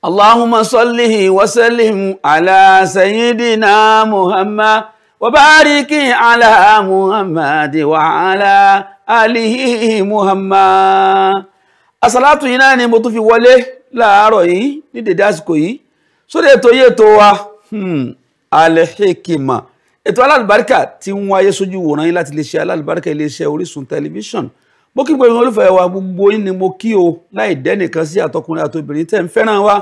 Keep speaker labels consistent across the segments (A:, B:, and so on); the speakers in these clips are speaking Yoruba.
A: اللهم صل وسلم على سيدنا محمد وبارك على محمد وعلى آله محمد àsàlátù yìí náà ni mo tún fi wọlé láàárọ̀ yìí ní dédé àsìkò yìí sórí ètò yìí ètò wa hmm, Al-Hikmat ètò alálùbáríkà tí ń wáyé sójú wòran yìí láti iléeṣẹ́ alálùbáríkà iléeṣẹ́ Orísun tẹlifíṣàn mo kí gbogbo olùfẹ́ wa gbogbo yín ni mo kí o láì dẹ́nìkan sí àtọkùnrin àtobìnrin tẹ́ ń fẹ́ràn wa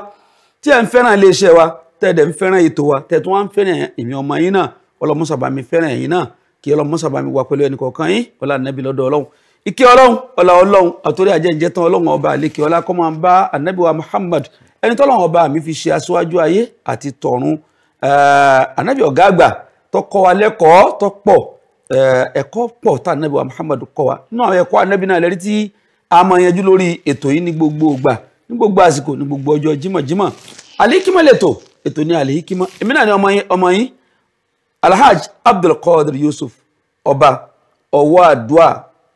A: tí ẹ̀ ń fẹ́ràn iléeṣẹ́ wa tẹ́ ẹ̀ ń fẹ́ràn ètò wa tẹ́ tún wá ń fẹ́ràn èmi ọmọ yín náà ọlọ́mọsàbámi fẹ́ràn ẹ̀yin náà kí ọlọ́mọsàbámi wà pẹ̀lú ẹnìkọ̀ọ̀kan yín ọlá nẹ́bí lọ́dọ̀ ọlọ́run ìkẹ́ ọlọ́run ọlá ọlọ́run àtòrí àjẹjẹ tán ọlọ́run ọba àlekè ọlá kọ́ máa ń bá ànábì wa Muhammad ẹni tọ́lọ́run ọba mi fi ṣe aṣáájú ayé àti tọ̀run ànábì ọ̀gá àgbà tó wa lẹ́kọ̀ọ́ tó Eh, ẹ̀kọ́ pọ̀ tá ànábì wa Muhammadu kọ́ wa nínú àwọn ẹ̀kọ́ ànábì náà lẹ́rí tí a máa yanjú lórí ètò yìí ní gbogbo ìgbà ní gbogbo àsìkò ní gbogbo ọjọ́ jímọ̀jímọ̀ alihikima lẹ́tọ̀ ètò ní alihikima èmi náà ni ọmọ yín Alhaji Abdulkadir Yusuf ọba ọwọ́ àdúà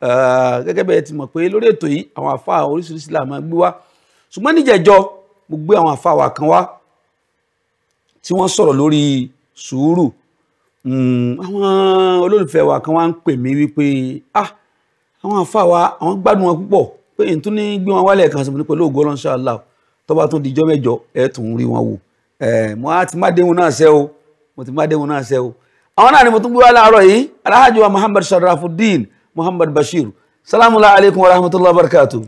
A: eh, gẹ́gẹ́ bẹ́ẹ̀ ti mọ̀ pé lórí ètò yìí àwọn àfa oríṣiríṣi là máa gbé wá ṣùgbọ́n níjẹ̀jọ́ mo gbé àwọn àfa wa kan wá tí wọ́n sọ̀rọ̀ lórí sùúrù Hmm, àwọn olólùfẹ́ wa kan wá ń pè mí wípé ah àwọn àfáà wa àwọn gbádùn wọn púpọ̀ pé n tún ní gbé wọn wálẹ̀ kan sí mi pẹ̀lú ògo Ọlọ́run ṣáàlà tó bá tún dijọ́ mẹ́jọ ẹ̀ tún rí wọn wò eh, mo á ti má déhùn náà ṣẹ́ o mo ti má déhùn náà ṣẹ́ o àwọn náà ni mo tún gbé wá láàárọ̀ yìí Alhaji wa Muhammad Sharafuddin Muhammad Bashir salamu alaykum wa rahmatulahi wa barakatuhu.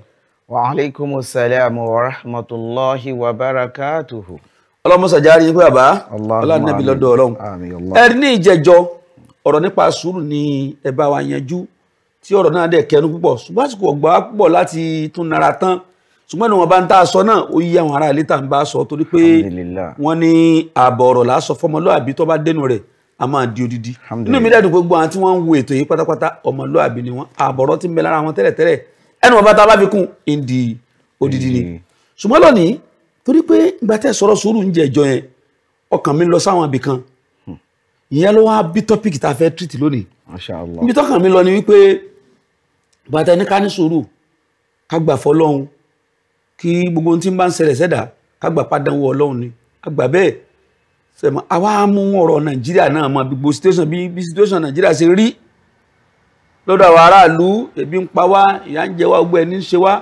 A: wa
B: alaykum salaam wa rahmatulahi wa
A: barakatuhu ọlọ́mọsà járe pé bàbá ọlọ́nàbí lọ́dọ̀ ọlọ́run ẹ̀rí ní ìjẹjọ ọ̀rọ̀ nípa sùúrù ni ẹ bá wa yanjú tí ọ̀rọ̀ náà dẹ̀ kẹnu púpọ̀ ṣùgbọ́n àsìkò ọ̀gbà púpọ̀ láti tún nara tán ṣùgbọ́n ní wọn bá ń tá a sọ náà ó yí àwọn ará ilé tá à ń bá a sọ torí pé wọ́n ní ààbọ̀ ọ̀rọ̀ làásọ fọmọlúàbí tó bá dénú rẹ̀ a máa di odidi inú mi dẹ́dùn gbogbo àwọn tí wọ́n ń wo ètò yìí pátápátá ọmọlúàbí ni wọ́n ààbọ̀ ti ń bẹ lára wọn tẹ́lẹ̀tẹ́lẹ̀ ẹnu wọn bá tá a ìdí odidi ni ṣùgbọ́n lónìí torí pé ìgbà tẹ́ sọ̀rọ̀ sùúrù ń jẹjọ yẹn ọkàn mi lọ sáwọn ibì kan ìyẹn ló wá bí tọ́pìkì tá a fẹ́ tìrìtì lónìí ibi tọ́kàn mi lọ ni wípé ìgbà tẹ́ ní ká ní sùúrù ká gbà fọlọ́hun kí gbogbo ohun tí ń bá ń ṣẹlẹ̀ sẹ́dà ká gbà pàdánwò ọlọ́hun ni ká gbà bẹ́ẹ̀ sẹ́mọ́ àwa mú ọ̀rọ̀ nàìjíríà náà mọ́ gbogbo situation bí bí situation nàìjíríà ṣe rí lọ́dọ̀ àwọn aráàlú ebi ń pa wá ìyà ń jẹ wá gbogbo ẹni ń ṣe wá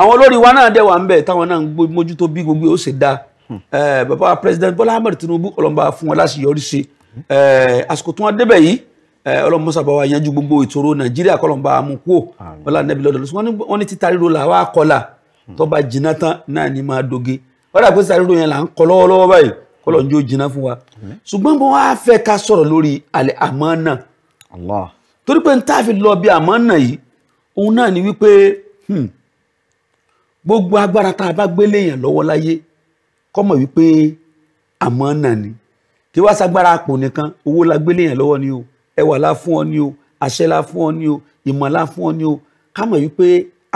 A: àwọn olórí wa náà dẹ̀ wà ń bẹ̀ táwọn náà ń mójútó bí gbogbo ó ṣe dáa hmm. bàbá president Bọ́lá Ahmed Tinubu ọlọ́mọba fún wọn láti yọrí sí àsìkò tí wọ́n débẹ̀ yìí ọlọ́mọsàbà wa yanjú gbogbo ìṣòro Nàìjíríà kọlọ́mọba àmúkúò ọlá nẹ́bí lọ́dọ̀ wọ́n ní títa ríro làwa kọlà hmm. tó jìnnà tán náà ní máa doge wọ́n dà pé títa ríro yẹn là ń kọ lọ́wọ́lọ́wọ́ báyìí kọlọ̀ ń jó jìnnà fún wa ṣùgbọ́n bọ́n wá fẹ́ ká sọ̀rọ̀ lórí àlẹ́ àmọ́ náà torí pé n táà lọ bí àmọ́ náà yìí òun náà ni wípé hmm, gbogbo agbára tá a bá gbélé èèyàn lọ́wọ́ láyé kọ́mọ̀ wípé àmọ́ náà ni kí wá sagbára àpò nìkan owó la gbélé èèyàn lọ́wọ́ ni o ẹwà la fún ọ ni o àṣẹ la fún ọ ni o ìmọ̀ la fún ọ ni o kámọ̀ wípé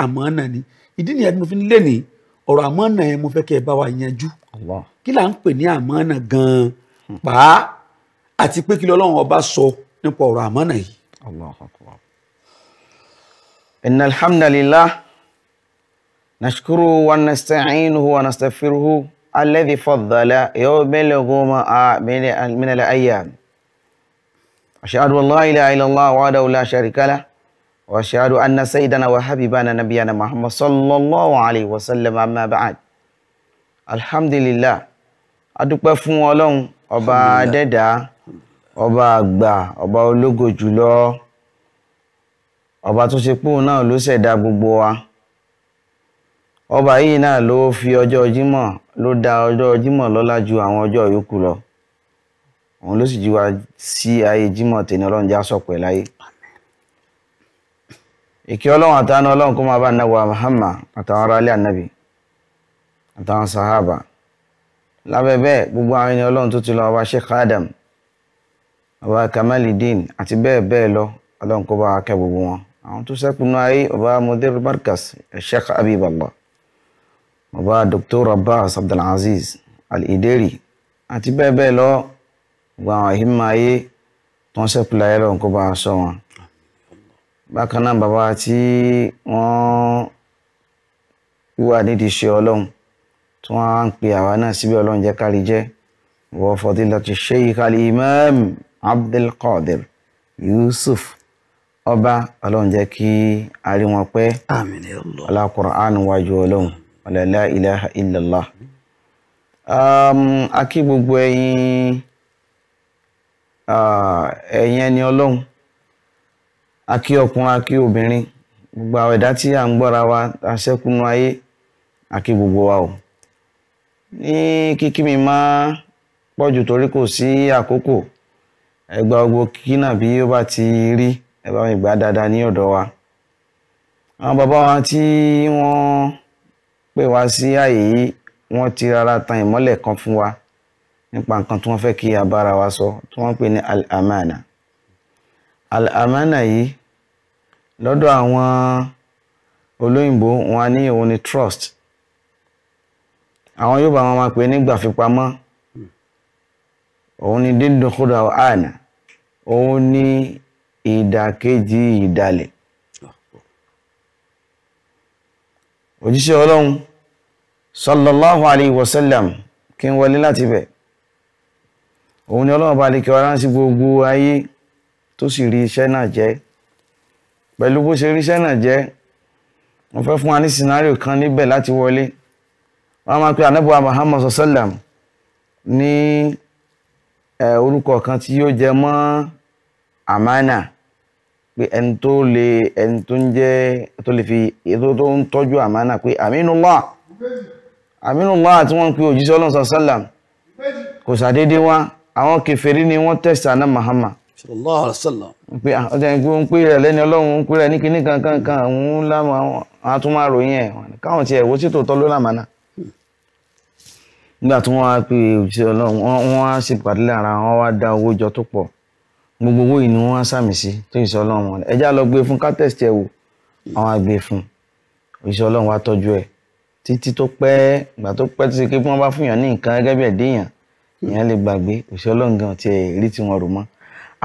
A: àmọ́ náà ni ìdí nìyẹn tí mo fi ń lé ní ọ̀rọ̀ àmọ́ náà yẹn mo fẹ́ kẹ́ ẹ bá wa yanjú kí là ń pè ní àmọ́ náà gan-an pàá àti pé kí lọ́lọ́run ọba sọ nípa ọ̀rọ̀ àmọ́ náà yìí. Innal
B: hamdalillah. نشكره ونستعينه ونستغفره الذي فضل يوم القيامة من الأيام أشهد أن لا إله إلا الله وحده لا شريك له وأشهد أن سيدنا وحبيبنا نبينا محمد صلى الله عليه وسلم أما بعد الحمد لله adúpẹ́ fún ọlọ́run ọba adẹ́dá ọba àgbà ọba ológo jùlọ ọba tó ṣe pé òun ọba yìí náà ló fi ọjọ́ jímọ̀ ló dá ọjọ́ jímọ̀ lọ́lá ju àwọn ọjọ́ yòókù lọ òun ló sì jí wa sí ayé jímọ̀ tẹ̀lé ọlọ́run já sọ̀pẹ̀ láyé ìkẹ́ ọlọ́run àtàánú ọlọ́run kó máa bá nàbọ̀ Muhammad àtàwọn ará ilé ànábì àtàwọn sahaba lábẹ́ bẹ́ẹ̀ gbogbo àwọn ènìyàn ọlọ́run tó ti lọ ọba Sheikh Adam ọba Kamalidin àti bẹ́ẹ̀ bẹ́ẹ̀ lọ ọlọ́run kó bá wa kẹ́ gbogbo wọn àwọn tó sẹ́kùnú ayé ọba Mudir Markaz Sheikh Habib bàbá Dr. Abbas Abdulaziz Al-Ideri àti bẹ́ẹ̀ bẹ́ẹ̀ lọ gba àwọn ìhìnmá ayé tó ń sẹ́kù láyé lọ́wọ́ kó bá a sọ wọn. bákan náà bàbá tí wọ́n wíwà nídìí ṣe ọlọ́run tí wọ́n á ń pe àwa náà síbi ọlọ́run jẹ́ kárí jẹ́ wọ́n fadilati Sheikh al-Imam Abdulqadir Yusuf ọba ọlọ́run jẹ́ kí a rí wọn pẹ́. àmín ya wájú ọlọ́run wala la ilaha illallah um, a kí gbogbo ẹ̀yin uh, ẹ̀yin ẹni ọlọ́run a kí ọkùnrin a kí obìnrin gbogbo àwọn ẹ̀dá tí à ń gbọ́ra wa aṣẹ́kùnú ayé a kí gbogbo wa o ní kíkí mi máa pọ̀jù torí kò sí àkókò ẹgbà gbogbo kíkí náà bí ó bá ti rí ẹ bá mi dáadáa ní ọ̀dọ̀ wa àwọn bàbá wa tí wọ́n pè wá sí àyè yìí wọ́n ti rárá tan ìmọ́lẹ̀ kan fún wa nípa nǹkan tí wọ́n fẹ́ kí a bára wa sọ tí wọ́n pè ní al-amana al-amana yìí lọ́dọ̀ àwọn olóyìnbó wọn ní òun ni trust àwọn yóò bá wọn máa pè ní gbàfipamọ́ òun ni dídókòdà àná òun ni ìdàkejì ìdàlẹ̀ òjíṣẹ́ ọlọ́run sallallahu alayhi wa sallam kí n wọlé láti bẹ̀ òun ni ọlọ́run bá lè kí ọ̀rá sí gbogbo ayé tó sì rí iṣẹ́ náà jẹ́ pẹ̀lú bó ṣe rí iṣẹ́ náà jẹ́ wọ́n fẹ́ fún wa ní scenario kan níbẹ̀ láti wọlé wọ́n máa ń pe anábọ̀ Muhammad sallam ní orúkọ kan tí yóò jẹ mọ́ amánà pé ẹni tó lè ẹni tó ń jẹ́ tó lè fi ètò tó ń tọ́jú àmánà pé àmínúlá Aminullah tí wọ́n ń pe òjíṣẹ́ ọlọ́run sallam kò sàdédé wá àwọn kèfèrí ni wọ́n tẹ̀sà náà Muhammad
A: sallallahu alaihi wasallam
B: pé ah, ọjà ìgbó ń pè rẹ̀ lẹ́ni ọlọ́run ń pè rẹ̀ ní kíní kankan kan òun lámọ̀ àwọn àtúmọ̀ àròyìn ẹ̀ káwọn tiẹ̀ wo sí tòótọ́ ló làmánà nígbà tí wọ́n wá pe òjíṣẹ́ ọlọ́run wọ́n wá sì pàdé lára wọn wá dá owó jọ tó pọ̀ gbogbo owó yìí ni wọ́n wá sàmì sí tó ìṣẹ́ títí tó pẹ́ ìgbà tó pẹ́ tó ṣe pé bí wọ́n bá fún yàn ní nǹkan gẹ́gẹ́ bí ẹ̀dẹ́ yàn èèyàn lè gbàgbé òṣìṣẹ́ ọlọ́ngàn ti rí tiwọn rò mọ́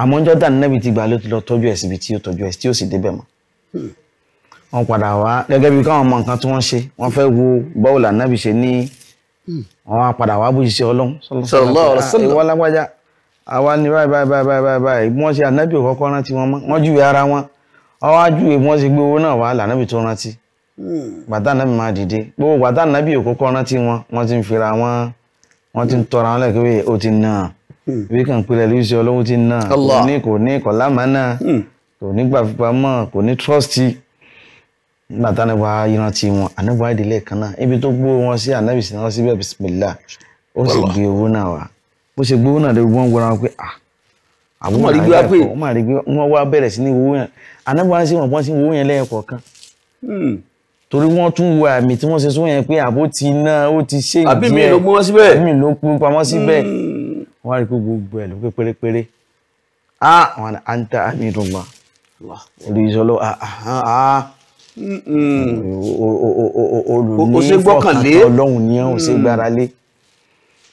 B: àmọ́ jọ́dá nẹ́bi ti gbà ló ti lọ tọ́jú ẹ̀ síbi tí ó tọ́jú ẹ̀ tí ó sì débẹ̀ mọ́ wọ́n padà wá gẹ́gẹ́ bí káwọn mọ nǹkan tí wọ́n ṣe wọ́n fẹ́ wo báwo là nẹ́bi ṣe ní wọ́n á padà wá bójú sí ọlọ́run sallallahu alaihi wasallam ìwọ lágbájá àwa ni báyìí gbàtà náà máa dìde gbogbo gbàtà náà bí òkókó rántí wọn wọn ti ń fira wọn wọn ti ń tọra wọn lẹ́kẹ́ wíyẹ ó ti nà hmm. bí kàn pilẹ̀ lóyún sí ọlọ́wọ́ ti nà kò ní kò ní kò lámàánà hmm. kò ní gbàfipamọ́ kò ní trọ́stì nígbàtà náà wàá rántí wọn ànábàá ìdílé kan náà ibi tó gbó wọn sí ànábì sí wọn síbẹ̀ bisimilá ó sì gbé owó náà wá bó ṣe gbówó náà lórí wọn gbọ́ra wọn pé ah àwọn máa rí gbé pé wọn máa rí gbé wọn wá bẹ̀rẹ̀ sí ní owó yẹn ànábàá sí wọn pọ́n sí owó yẹn lẹ́yìn kọ̀ọ̀kan hmm torí wọ́n tún wo àmì tí wọ́n ṣe sún yẹn pé àbó ti ná ó ti ṣe ìdíẹ̀ àbí mi ló pamọ́ síbẹ̀ àbí mi ló pamọ́ síbẹ̀ hmm. wọ́n á rí pé gbogbo ẹ̀ ló pé pérépéré ah wọn ni anta ami dùnmọ́ olùyíṣọ́lọ́ olùnífọ̀kàntà ọlọ́run ni ó ṣe hmm. gbára lé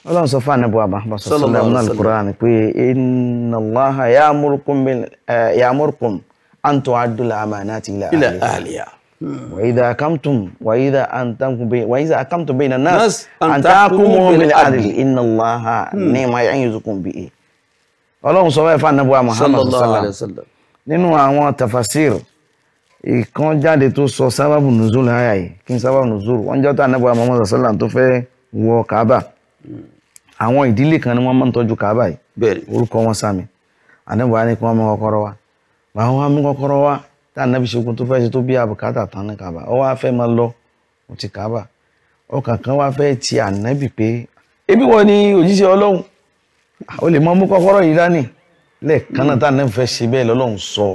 B: ọlọ́run sọ fún anabu abba bá sọ sọlá ọmọ alukur'an pé inna Allaha ya'murukum eh, an tu'addu al-amanati ila ahliha. وإذا أقمتم وإذا أنتم وإذا أقمتم بين الناس أن تحكموا بالعدل إن الله نعم يعيذكم به Ọlọ́run sọ báyìí fún anábọ́à Muhammad sallallahu alayhi wa sallam nínú àwọn tafasir ìkan jáde tó sọ sábàbù nùzúl ayà yìí kí n sábàbù nùzúl wọ́n jẹ́ tó anábọ́à Muhammad sallam tó fẹ́ wọ Kaaba àwọn ìdílé kan ni wọ́n máa ń tọ́jú Kaaba yìí orúkọ wọn sami anábọ́à ni kí wọ́n mú kọ́kọ́rọ́ wa báwọn wá mú kọ́kọ́rọ́ wa tá ànábì ṣokun tó fẹ́ ṣe tó bí àbùkátà tán ní kàbà ọ wá fẹ́ máa lọ kò ti kàbà ọkàn kan wá fẹ́ ti ànábì pé ebi wọ ni òjíṣẹ́ ọlọ́run o ah, lè mọ mú kọ́kọ́rọ́ yìí dání lẹ́ẹ̀kan náà tá ànábì fẹ́ ṣe bẹ́ẹ̀ lọ́lọ́run sọ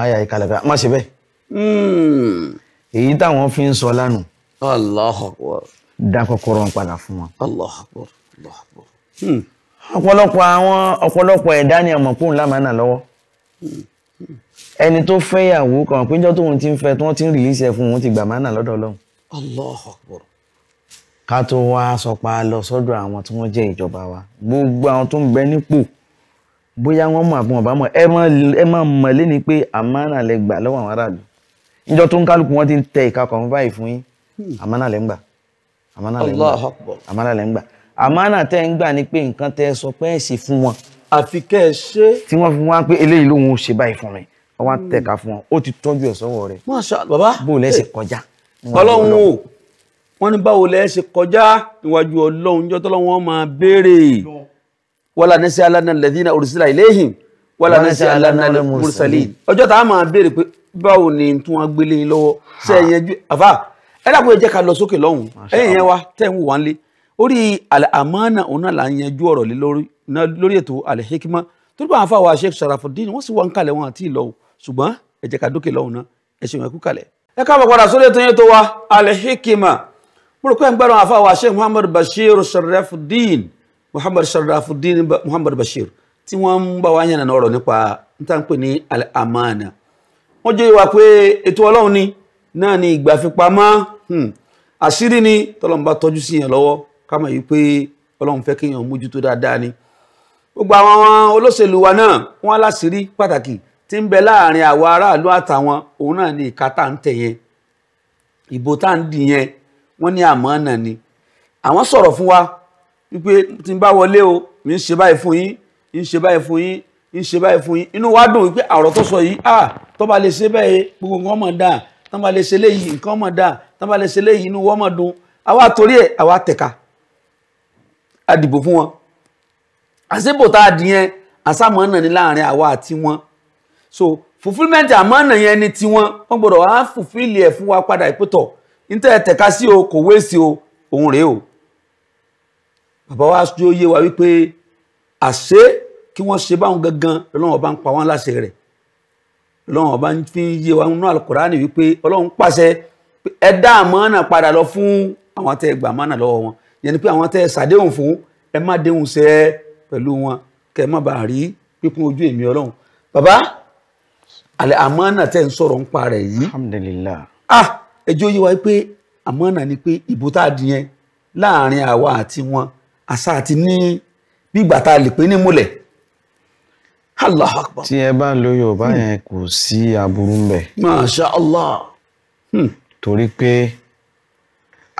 B: ayà ìkàlẹ̀ pé má ṣe bẹ́ẹ̀. Hmm. èyí táwọn fi ń sọ lánàá. Allahu Akbar. dá kọ́kọ́rọ́ padà fún wọn. Allahu Akbar. Allahu hmm. àwọn ọ̀pọ̀lọpọ̀ ẹ̀dá ni ọmọ lámàánà lọ́wọ́ hmm ẹni tó fẹ́yàwó kan péjọ tóun ti ń fẹ́ tí wọ́n ti ń rìlíṣẹ fún òun ti gbà mánà lọ́dọ̀ Ọlọ́run. Allahu Akbar. ká tó wá sọ pa lọ sọ́dọ̀ àwọn tí wọ́n jẹ́ ìjọba wa gbogbo àwọn tó ń bẹ nípò bóyá wọ́n mọ̀ àbọn ọba mọ̀ ẹ má mọ̀ lẹ́ni pé àmánà lẹ gbà lọ́wọ́ àwọn aráàlú ìjọ tó ń kálukú wọ́n ti ń tẹ ìka kan báyìí fún yín hmm. àmánà lẹ ń gbà àmánà lẹ ń gbà àmánà lẹ ń gbà àmánà tẹ ń gbà ni pé nǹkan tẹ sọ pé ẹ ṣe fún wọn. àfi ṣe. tí wọ́n fi wá pé eléyìí lòun ò ṣe báyìí fún mi wọ́n wá hmm. tẹ̀ka fún ọ ó ti tọ́jú ẹ̀ sọ́wọ́ rẹ̀. Masha Allah bàbá
A: bó lẹ́ ṣe kọjá. Hmm. ọlọ́run o wọ́n ní báwo lẹ́ ṣe kọjá níwájú ọlọ́run jọ́ tọ́lọ́run wọn máa béèrè wala nasi alana alladhina ursila ilayhim wala nasi alana mursalin ọjọ́ tá a máa béèrè pé báwo ni tí wọ́n gbélé yín lọ́wọ́ ṣe é yanjú àfà ẹ dàpọ̀ ẹ jẹ́ ká lọ sókè lọ́hùn ẹ̀yìn yẹn wa tẹ̀ ń wò wá ń lé orí àmánà òun náà là ń yanjú ọ̀rọ̀ lórí ètò Al-Hikmah torí báwọn afáwọn Sheikh Sharafuddin wọ́n sì wọ́n ń kalẹ̀ wọn àti ìlọ́wọ́ ṣùgbọ́n ẹ jẹ́ ká dókè lọ́hùn náà ẹ ṣeun ẹ kú kalẹ̀. ẹ káàbọ̀ padà sórí ètò yẹn tó wa Al-Hikima mo rò pé Muhammad Bashir Sharafuddin Muhammad Sharafuddin Muhammad Bashir tí wọ́n ń bá wa yànnà ọ̀rọ̀ nípa níta ń pè ní amana wọ́n jẹ́ ìwà pé ètò ọlọ́run ni náà ni ìgbàfipamọ́ hmm. àṣírí ni tọ́lọ́run bá tọ́jú sí yẹn lọ́wọ́ ká mọ̀ yìí pé ọlọ́run fẹ́ kéèyàn mójútó dáadáa ni gbogbo àwọn olóṣèlú wa náà wọ́n aláṣírí pàtàkì tí ń bẹ láàrin àwa aráàlú àtàwọn òun náà ni ìka tá ń tẹ̀ yẹn ìbò tá ń dì yẹn wọ́n ní àmọ́ náà ni àwọn sọ̀rọ̀ fún wa wípé tí ń bá wọlé o mi ń ṣe báyìí fún yín ń ṣe báyìí fún yín ń ṣe báyìí fún yín inú wa dùn wípé àrò tó sọ yìí ah tó bá lè ṣe bẹ́ẹ̀ gbogbo nǹkan mọ̀ dáa tó bá lè ṣe léyìí nǹkan mọ̀ dáa tó bá lè ṣe léyìí inú wọ́n mọ̀ dùn àwa torí ẹ̀ àwa tẹ̀ka a fún wọn àṣebò tá a dì yẹn àṣàmọ́ náà ni láàrin àwa àti wọn so fulfilment àmánà yẹn ni tiwọn wọ́n gbọ́dọ̀ á fulfil ẹ̀ fún wa padà ìpótọ̀ níta ẹ̀ tẹ̀ka sí o kò wéèsì o òun rèé o bàbá wa sọ yé wa wípé àṣé kí wọ́n ṣe báwọn gangan Ọlọ́run ọba ń pa wọ́n láṣẹ rẹ̀ Ọlọ́run ọba fi ń yé wa nínú àlùkòránì wípé Ọlọ́run pàṣẹ ẹ dá àmánà padà lọ fún àwọn tẹ́ gbà àmánà lọ́wọ́ wọn yẹn ni pé àwọn tẹ́ ṣàdéhùn fún ẹ má déhùn sẹ́ pẹ̀lú wọn kẹ́ má bàa rí pípín ojú èmi Ọlọ́run bàbá alẹ́ àmọ́nà tẹ́ ń sọ̀rọ̀ ń pa yìí. alhamdulillah. ah ẹjọ́ yìí wáyé pé àmọ́nà ni pé ìbò tá a di yẹn láàrin àwa àti wọn àṣà àti ní gbígbà tá a lè pín ní múlẹ̀. allah akbar.
B: tí ẹ bá lo yorùbá hmm. yẹn kò sí aburú ń bẹ.
A: masha allah.
B: Hmm. torí pé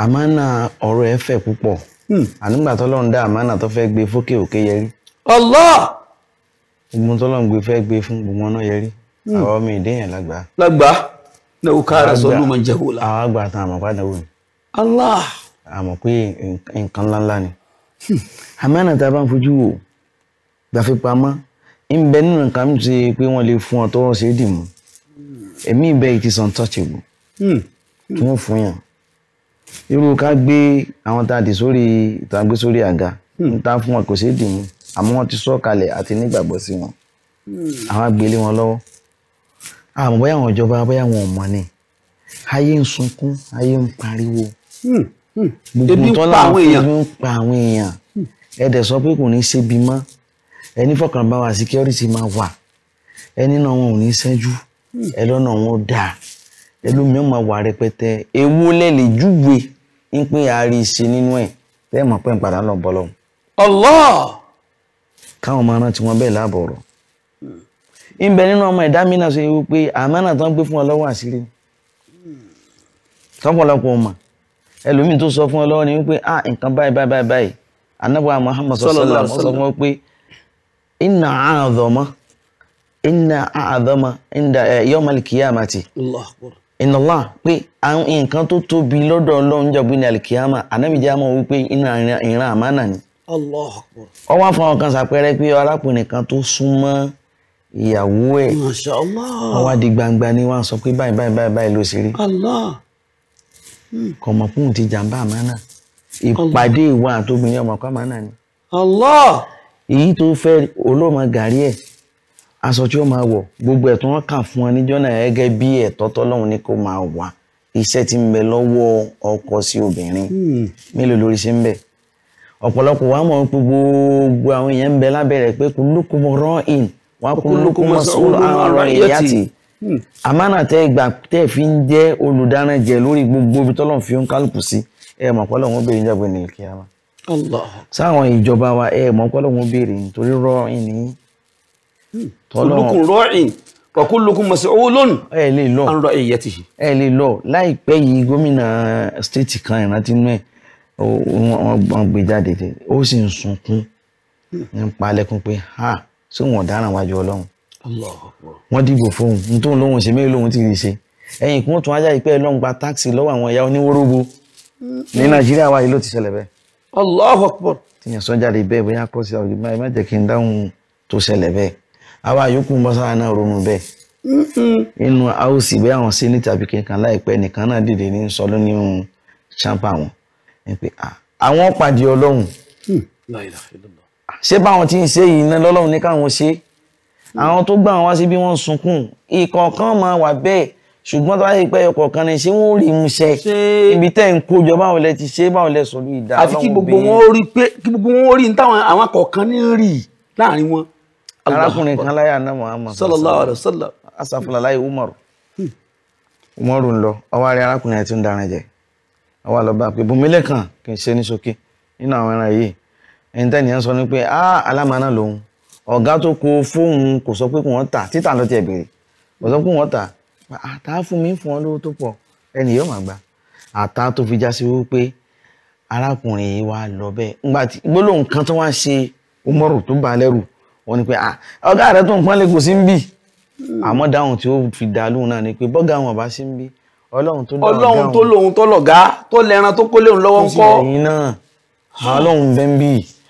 B: àmọ́nà ọ̀rọ̀ ẹ fẹ̀ púpọ̀ hmm. ànígbà tọ́lọ́run dá àmọ́nà tó fẹ́ gbé fókè òkè yẹrí. allah. gbogbo tọ́lọ́run gbé fẹ́ gbé fún gbogbo ọ̀nà yẹrí. Hmm. àwọn ọmọ ìdíyàn lágbà. lágbà náà ó kára sọ ló máa ń jẹ́wò la. àwọn àgbà tán àmọ́ wò ni. Allah. àmọ́ pé nǹkan ńláńlá ni. àmánà tá a bá ń fojú wò gbàfi pamọ́ ń bẹ nínú nǹkan mi ṣe pé wọ́n lè fún ọ tó wọ́n ṣe é dì mú ẹ̀mí ìbẹ́ yìí ti sàn touchable hmm. kí wọ́n fún yàn irú ká gbé àwọn tá a dì sórí tá a gbé sórí àga níta hmm. fún wọn kò ṣe é dì àmọ́ wọ́n ti sọ kalẹ̀ àti nígbàgbọ́ sí wọn àwọn agbélé wọn lọ́wọ́ àmọ́ ah, bóyá àwọn ìjọba bóyá àwọn ọmọ ni ayé ń sunkún ayé ń pariwo hmm, hmm. gbogbo tọ́lá ebi ń pa àwọn èèyàn hmm. ẹ dẹ̀ sọ pé kò ní í ṣebi mọ́ ẹni fọkànbáwa security máa wà ẹni náà wọn ò ní í ṣẹ́jú ẹ lọ́nà wọn dáa ẹlòmíràn máa wà rẹpẹtẹ ewu lẹ́lẹ̀ júwe ń pín àárín ìṣe nínú ẹ̀ bẹ́ẹ̀ mọ̀ pé ń padà lọ bọ́ lọ́hùn. Allah. káwọn máa rántí wọn bẹ́ẹ̀ láàbọ̀ ọ̀rọ̀. ń bẹ nínú ọmọ ẹ̀dá mi náà ṣe wípé àmánà tán gbé fún ọ àṣírí tọ́pọ̀lọpọ̀ ọmọ ẹlòmíì tó sọ fún ọ ni wípé a nǹkan báyìí báyìí báyìí báyìí anábọ̀ Muhammad sallallahu alaihi wasallam wípé inda eh, yawmal qiyamati inna Allah pé àwọn nǹkan tó tóbi lọ́dọ̀ Ọlọ́run jọ̀gbìn ní ìyàwó ẹ̀ wọ́n wá di gbangba ni wọ́n sọ pé báyìí báyìí báyìí báyìí ló ṣe rí hmm. kò mọ̀ fún ti jàǹbá àmánà ìpàdé ìwà àtòbìnrin ọmọ kan àmánà ni èyí tó fẹ́ olóòmọ gàrí ẹ̀ aṣọ tí ó máa wọ̀ gbogbo ẹ̀ tí wọ́n kà fún ọ níjọ́ náà gẹ́gẹ́ bí ẹ̀tọ́ tọ́lọ́run ni kò máa wà iṣẹ́ tí ń bẹ lọ́wọ́ ọkọ sí obìnrin hmm. mélòó lórí ṣe ń bẹ ọ̀pọ̀lọpọ̀ wa mọ̀ gbogbo àwọn èèyàn ń bẹ lábẹ́rẹ̀ pé kò lókùmọ̀ rọ́ọ̀ìn wa kullukum mas'ulun an ra'iyati àmánà hmm. tẹ́ ìgbà tẹ́ fi ń jẹ́ olùdáranjẹ lórí gbogbo ibi tọ́lọ́run fi ń kálukú sí ẹ mọ̀ pé Ọlọ́run béèrè níjàgbé ní kíyámà sáwọn ìjọba wa ẹ mọ̀ pé Ọlọ́run béèrè nítorí rọ́ọ̀ìn ní hmm. tọ́lọ́run
A: rọ́ọ̀ìn kọkúlùkù mas'ulun ẹ lè lọ an ra'iyatihi ẹ lè lọ
B: láìpẹ́ yìí gómìnà stéètì kan ìrántí inú ẹ̀ wọ́n gbé jáde ó sì ń sunkún hmm. ń palẹ̀kùn pé ha. Hmm sóhun ọ̀daràn wájú ọlọ́run wọ́n dìbò fóun nítorí lóhun ṣe mélòó lóhun ti rí ṣe ẹ̀yìn kún tún ajá ìpẹ́ lọ́hun gba táàkì lọ́wọ́ àwọn ẹ̀yà oníwórógbó ní nàìjíríà wáyé ló ti ṣẹlẹ̀ bẹ́ẹ̀. Allahu Akbar. tíyẹn sọ́jáde bẹ́ẹ̀ bóyá kọ́ sí àwọn ìgbìmọ̀ ẹ̀ má jẹ́ kí n dáhùn tó ṣẹlẹ̀ bẹ́ẹ̀ àwa yòókù ń bọ́ sára náà ronú bẹ́ẹ̀. inú haúsì bẹ́ẹ̀ àwọn sẹ́nitì àbí kankan láìpẹ́ nìkan náà dìde ní sọ lóní champa wọn. àwọn pàdé ọlọ́run. Hmm ṣé báwọn ti ń ṣe yìí náà lọ́lọ́run ní káwọn ṣe àwọn tó gbà wá sí bí wọ́n sunkún ìkọ̀ọ̀kan máa wà bẹ́ẹ̀ ṣùgbọ́n tó bá yẹ pé ọkọ̀ kan ni ṣé wọ́n rí musẹ̀ ibi tẹ́ ń kójọ báwo lẹ ti ṣe báwo lẹ sọ̀rọ̀ ìdá àfi kí gbogbo wọn rí
A: pé kí gbogbo wọn rí táwọn àwọn kọ̀ọ̀kan ní rí láàrin wọn.
B: arákùnrin kan
A: láyà náà Muhammad sallallahu alaihi wasallam asafula láyé Umaru
B: hmm. Umaru ń lọ ọwọ́ àrí arákùnrin ẹ̀ ti ń darun jẹ ọwọ́ àlọ́ bá pé bùnmílẹ̀ kan kì í ṣe ní ṣókí nínú àwọn ẹran yìí ẹnitẹ́ ni ẹ ń sọ ni pé á ah, alámàánà lòun ọ̀gá tó kó fóun kò sọ pé kò wọ́n tà títà ló tiẹ̀ bèrè kò sọ pé wọ́n tà àtà fún mi fún ọ lówó tó pọ̀ ẹnì yóò máa gbà àtà tó fi já sí wípé arákùnrin yìí wá lọ bẹ́ẹ̀ ńgbà tí gbólóhùn kan tó wá ṣe Umaru tó bá lẹ́rù wọ́n ni pé ah, ọ̀gá rẹ tó ń pọ́nlé kò sí ń bì àmọ́ dáhùn tí ó fi dá lóhùn náà ni pé bọ́gà wọn bá sí ń bì
A: ọlọ́run tó lọ́gá ọlọ́run tó lóhun tó
B: lọ́gá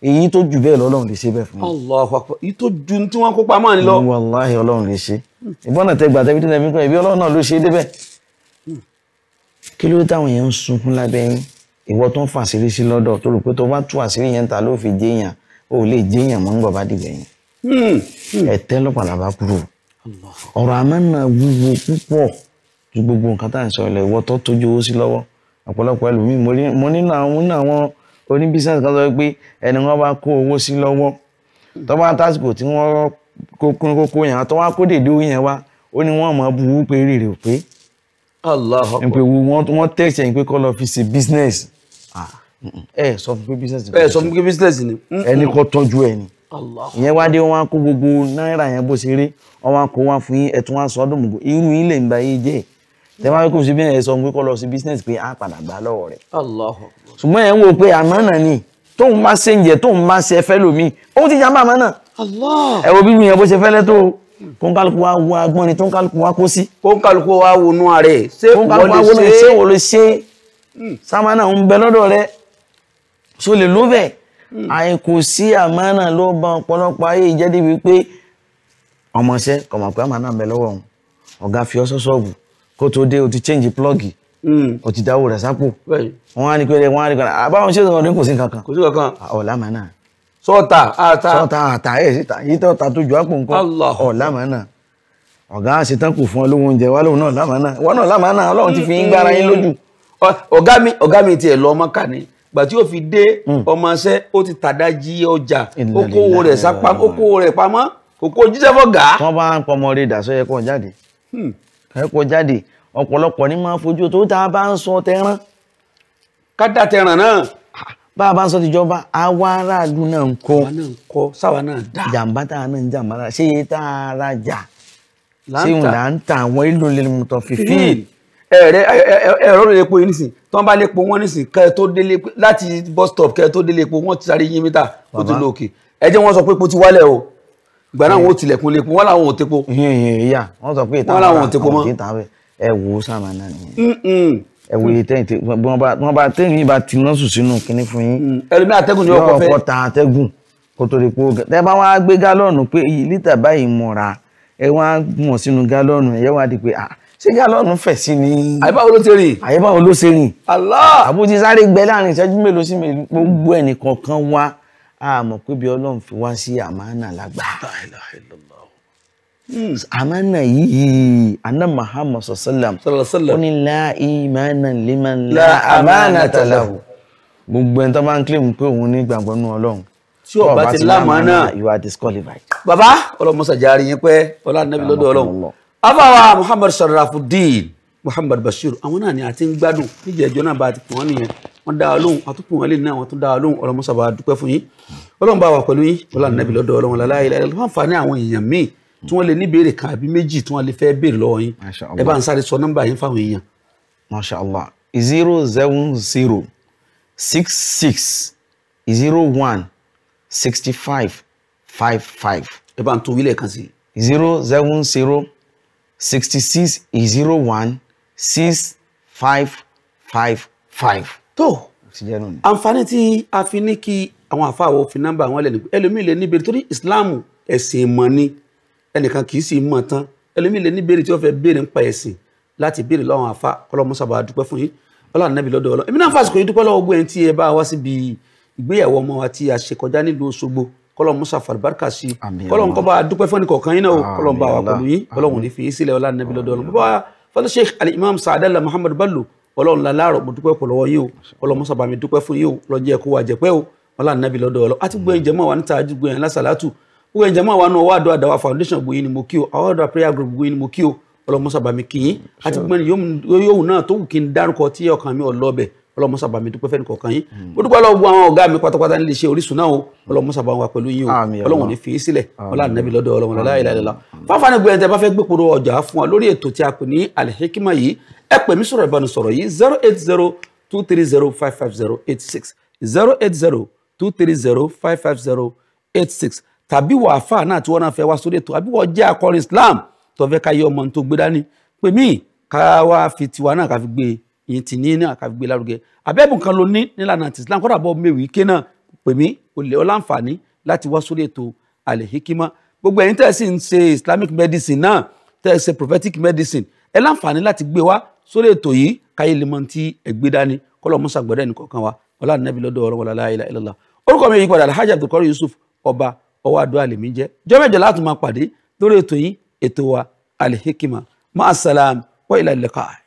B: èyí tó jù bẹ́ẹ̀ lọ́lọ́run lè ṣe bẹ́ẹ̀ fún mi. Allahu Akbar
A: èyí tó ju tí wọ́n kó pamọ́ ni lọ.
B: wàláhì ọlọ́run lè ṣe ìbọnà tẹ gbàtẹ bí tẹlẹ mi kọ ìbí ọlọ́run náà ló ṣe débẹ̀. kí ló táwọn yẹn ń sunkún lábẹ́ yín ìwọ tó ń fàṣírí sí lọ́dọ̀ tó rò pé tó bá tú àṣírí yẹn ta ló fi jẹ́yàn ó lè jẹ́yàn mọ́ ń gbọ̀ bá dìgbẹ̀ yẹn. Hmm. Hmm. ẹ̀tẹ́ lọ́pàlà bá kúrò ọ̀rọ̀ àmánà wúwo púpọ̀ ju gbogbo nǹkan tá à ń sọ ilẹ̀ ìwọ tó tójú owó sí lọ́wọ́ ọ̀pọ̀lọpọ̀ ẹlòmíì mo nínú àwọn oníbísàsì kan sọ pé ẹni wọ́n bá kó owó sí lọ́wọ́ tó bá tásìkò tí wọ́n kókún kókó yẹn tó wá kó dèdè owó yẹn wá ó ní wọ́n máa buwú pé rèrè ò pé ìpè wù wọ́n tẹ̀sẹ̀ ń lọ fi ṣe business
A: ẹ sọ fún pé business ni. ẹ sọ fún pé business ni. ẹni kò tọ́jú ẹni ìyẹn wá
B: dé wọn kó gbogbo náírà yẹn bó ṣe rí wọn kó wọn fún ẹtún wọn sọ mọgò irú yín lè ń ba yín jẹ tẹ máa kó sí bí ẹ sọ pé kó lọ sí business pé á padà gbà lọ́wọ́ rẹ̀. ṣùgbọ́n ẹ̀ ń wo pé àmánà ni tóun bá ṣe ń jẹ tóun bá ṣe fẹ́ lómi ó ti jàmbá àmánà.
A: ẹ wo bíbí yẹn bó ṣe fẹ́lẹ́ tó tó ń kálukú wa wo agbọ́n ni tó ń kálukú wa kó sí. kó ń kálukú wa wo nú ààrẹ ṣé wọ́n lè ṣe é wọ́n lè ṣe é sámánà ń bẹ lọ́dọ̀
B: rẹ̀ ṣó lè ló bẹ̀ hmm. àìkò sí àmánà ló ba ọ̀pọ̀lọpọ̀ ayé ìjẹ́dí wípé ọmọọṣẹ́ kọ̀mọ̀pẹ́ àmánà bẹ lọ́wọ́ ọ̀gá fi ọ́ sọ́sọ́ọ̀bù kó tó dé o ti change plug hmm. o ti dáwó rẹ̀ sápò wọ́n á ní pé wọ́n á ní pé àbáwọn ṣé ìdánwò ní kò sí kankan kò sí kankan ah, ọ̀la màá náà. sọ́ọ̀tà àtà sọ́ọ̀tà àtà ẹ̀ síta yìí tó ta tó ju àpò nǹkan ọ̀la màá náà ọ̀gá àṣetán kò fún ọ lówó oúnjẹ wà lóun náà lámàá náà wọn náà lámàá náà ọlọ́run ti fi ń gbára yín lójú.
A: Hmm. ọ̀gá mi ọ̀gá mi tiẹ̀ lọ ọmọ kà ní gbà tí ó fi dé hmm. ọmọọṣẹ́ ó ti tàdájí ọjà ó kówó rẹ̀ sápá ó kówó rẹ̀ pamọ́ kò jíjẹ́ fọ́gà. wọ́n bá ń pọmọ rẹ̀ dà sọ́yẹ́ kó jáde ẹ̀kọ́
B: jáde ọ̀pọ̀lọpọ̀ ní máa fojú tó tá a bá ń sọ tẹran. kádà tẹran náà. bá a bá ń sọ tìjọba àwa aráàlú náà ń kọ. àwa náà ń kọ sáwa náà dá. jàǹbá tá a náà ń jàǹbá rà ṣé iye tá a ra jà. láǹtà ṣé òun là ń ta àwọn ìlú lẹ́nu mọ̀tọ́ fífíìlì hmm.
A: ẹ̀rẹ́ ẹ̀rọ lè po yìí nísìn tán bá lè po wọ́n nísìn kẹ́ tó délé láti bus stop kẹ́ tó délé po wọ́n ti sáré yín mítà ó ti lóòkè ẹ jẹ́ wọ́n sọ pé epo ti wálẹ̀ o gbàrà àwọn eh. òtìlẹ̀kùn lè po wọ́n làwọn ò tepo. ìyẹn ìyẹn ìyá
B: wọ́n sọ pé ìtàn àwọn àwọn òtí tàn bẹ́ẹ̀ ẹ wò ó sàmà náà nìyẹn. ẹ wò yìí tẹ́yìn tẹ́yìn wọ́n bá tẹ́yìn bá ti lọ́sù sínú kinní fún yín. Mm. ẹlòmí àtẹ́gùn ni ọkọ̀ fẹ́. yọ̀ọ̀kọ̀ ta àtẹ́gùn kó tó di pé ó gẹ̀. tẹ́ bá wàá gbé gálọ́ọ̀nù pé lítà báyìí mọ̀ra ẹ wàá mọ̀ sínú gálọ́ọ̀nù ẹ̀yẹ́ wàá di pé ah ṣé gálọ́ọ̀nù fẹ̀ sí ni. àyíbáwo ló ṣe rìn. àyíbáwo ló ṣe rìn. Allah àbójútó sáré gbẹ láàrin ìṣẹ́jú mélòó sí mélòó gbogbo ẹnì kọ̀ọ̀kan wa a mọ̀ pé bí ọlọ́run fi wá sí àmánà lágbà. àmánà yìí aná Muhammad sallam ó ní la imana liman la amanata lahu gbogbo ẹni tó bá ń claim pé òun ní gbàgbọ́ nínú ọlọ́run tí o bá ti lámàánà
A: you are disqualified. bàbá ọlọmọsà járe yín pé ọlànàbí lọ́dọ̀ ọlọ́run afáwa Muhammad Sharafuddin Muhammad Bashir àwọn náà ni a ti ń gbádùn níjẹ̀ẹ́jọ́ náà bá ti pọ̀ nìyẹn wọ́n dá a lóhùn àtúkù wọn lè ní àwọn tó dá a lóhùn ọlọ́mọ sábà dúpẹ́ fún yín ọlọ́run bá wà pẹ̀lú yín ọlọ́run nàbì lọ́dọ̀ ọlọ́run lálẹ́ ilẹ̀ ló máa ń fa ní àwọn èèyàn míì tí wọ́n lè ní béèrè kan àbí méjì tí wọ́n lè fẹ́ béèrè lọ́wọ́ yín ẹ bá ń sáré sọ nọ́mbà yín fáwọn èèyàn. masha allah
B: zero seven zero six six zero one sixty five five five. ẹ bá ń tún wílẹ̀ kan sí. zero seven zero sixty six
A: zero one six five five five tó àǹfààní tí a fi ní kí àwọn àfáàwọ̀ fi nọ́mbà àwọn ẹlẹ́ni ẹlòmíì lè níbèrè torí ìsìláàmù ẹ̀sìn ìmọ̀ ni ẹnìkan kì í sì mọ̀ tán ẹlòmíì lè níbèrè tí wọ́n fẹ́ béèrè nípa ẹ̀sìn láti béèrè lọ́wọ́ àfa ọlọ́mọsábà dúpẹ́ fún yín ọlọ́run nàbì lọ́dọ̀ ọlọ́ èmi náà fàṣìkò yìí dúpẹ́ lọ́wọ́ gbé ẹni tí ẹ bá wá síbi ìgbéyàwó ọmọ wa tí a ṣe kọjá nílùú Òṣogbo kọlọ́run musa fàlùbáríkà sí i kọlọ́run bá a dúpẹ́ fún ẹni kọ̀ọ̀kan yín náà kọlọ́run bá wa pẹ̀lú yín ọlọ́run ní fi í sílẹ̀ ọlọ́run nàbì lọ́dọ̀ ọlọ́ bàbá fọlọ́ṣẹ́ alimami Saadallah Muhammad Bello ọlọ́run la láàrọ̀ mo dúpẹ́ pọ̀lọ́wọ́ yìí o ọlọ́run mọ́sàbà mi dúpẹ́ fún yìí o lọ jẹ́ kó wà jẹ́pẹ́ o ọlá nàbí lọ́dọ̀ ọlọ́ àti gbogbo ìjẹ́mọ́ wa níta àjú gbogbo ìyẹn lásàlátù gbogbo ìjẹ́mọ́ wa náà wà àdó àdáwà foundation gbogbo yìí ni mo kí o àwọn àdó prayer group gbogbo yìí ni mo kí o ọlọ́run mọ́sàbà mi kì í àti gbogbo yòówù náà tó wù kí n dárúkọ tí ọkàn mi ọ̀lọ́bẹ̀ ọlọ́mọ sábà mi dúpẹ́ fẹ́ni kọ̀ọ̀kan yín hmm. mo dúpẹ́ lọ́wọ́ àwọn ọ̀gá mi pátápátá nílé iṣẹ́ Orísun náà o hmm. ọlọ́mọ sábà wà pẹ̀lú yín o ọlọ́run ní fi í sílẹ̀ ọlọ́run nẹ́bí lọ́dọ̀ ọlọ́run láìláìlá fáfáni gbẹ̀yìn tẹ́ bá fẹ́ gbépo ọjà fún wa lórí ètò tí a pè ní alihikima yìí ẹ pè mí sọ̀rọ̀ ìbánisọ̀rọ̀ yìí zero eight zero two three zero five five zero eight six zero eight zero two three zero five five zero eight six tàbí wàáfà náà tí wọ́n náà fẹ́ wá sórí ètò àbí wọ́n jẹ́ akọrin Islam tó fẹ́ ká yẹ ọmọ tó gbé dání pè mí ká wá fi tiwa náà ká fi gbé e yìí ti ní náà káfí gbé lárugẹ abẹ́bùn kan ló ní nílànà àti Islam kọ́dà bọ́ mẹ́wìí ké náà pè mí olè ọláǹfààní láti wá sórí ètò Al-Hikima gbogbo ẹ̀yin tẹ́ẹ̀ sì ń ṣe Islamic medicine náà tẹ́ẹ̀ ṣe prophetic medicine ẹ láǹfààní láti gbé wá sórí ètò yìí káyé lè mọ tí ẹ gbé dání kọ́lọ́ musa gbọ́dọ̀ ẹnì kọ̀ọ̀kan wa ọlá nàbí lọ́dọ̀ ọ̀rọ̀ wọlá láyé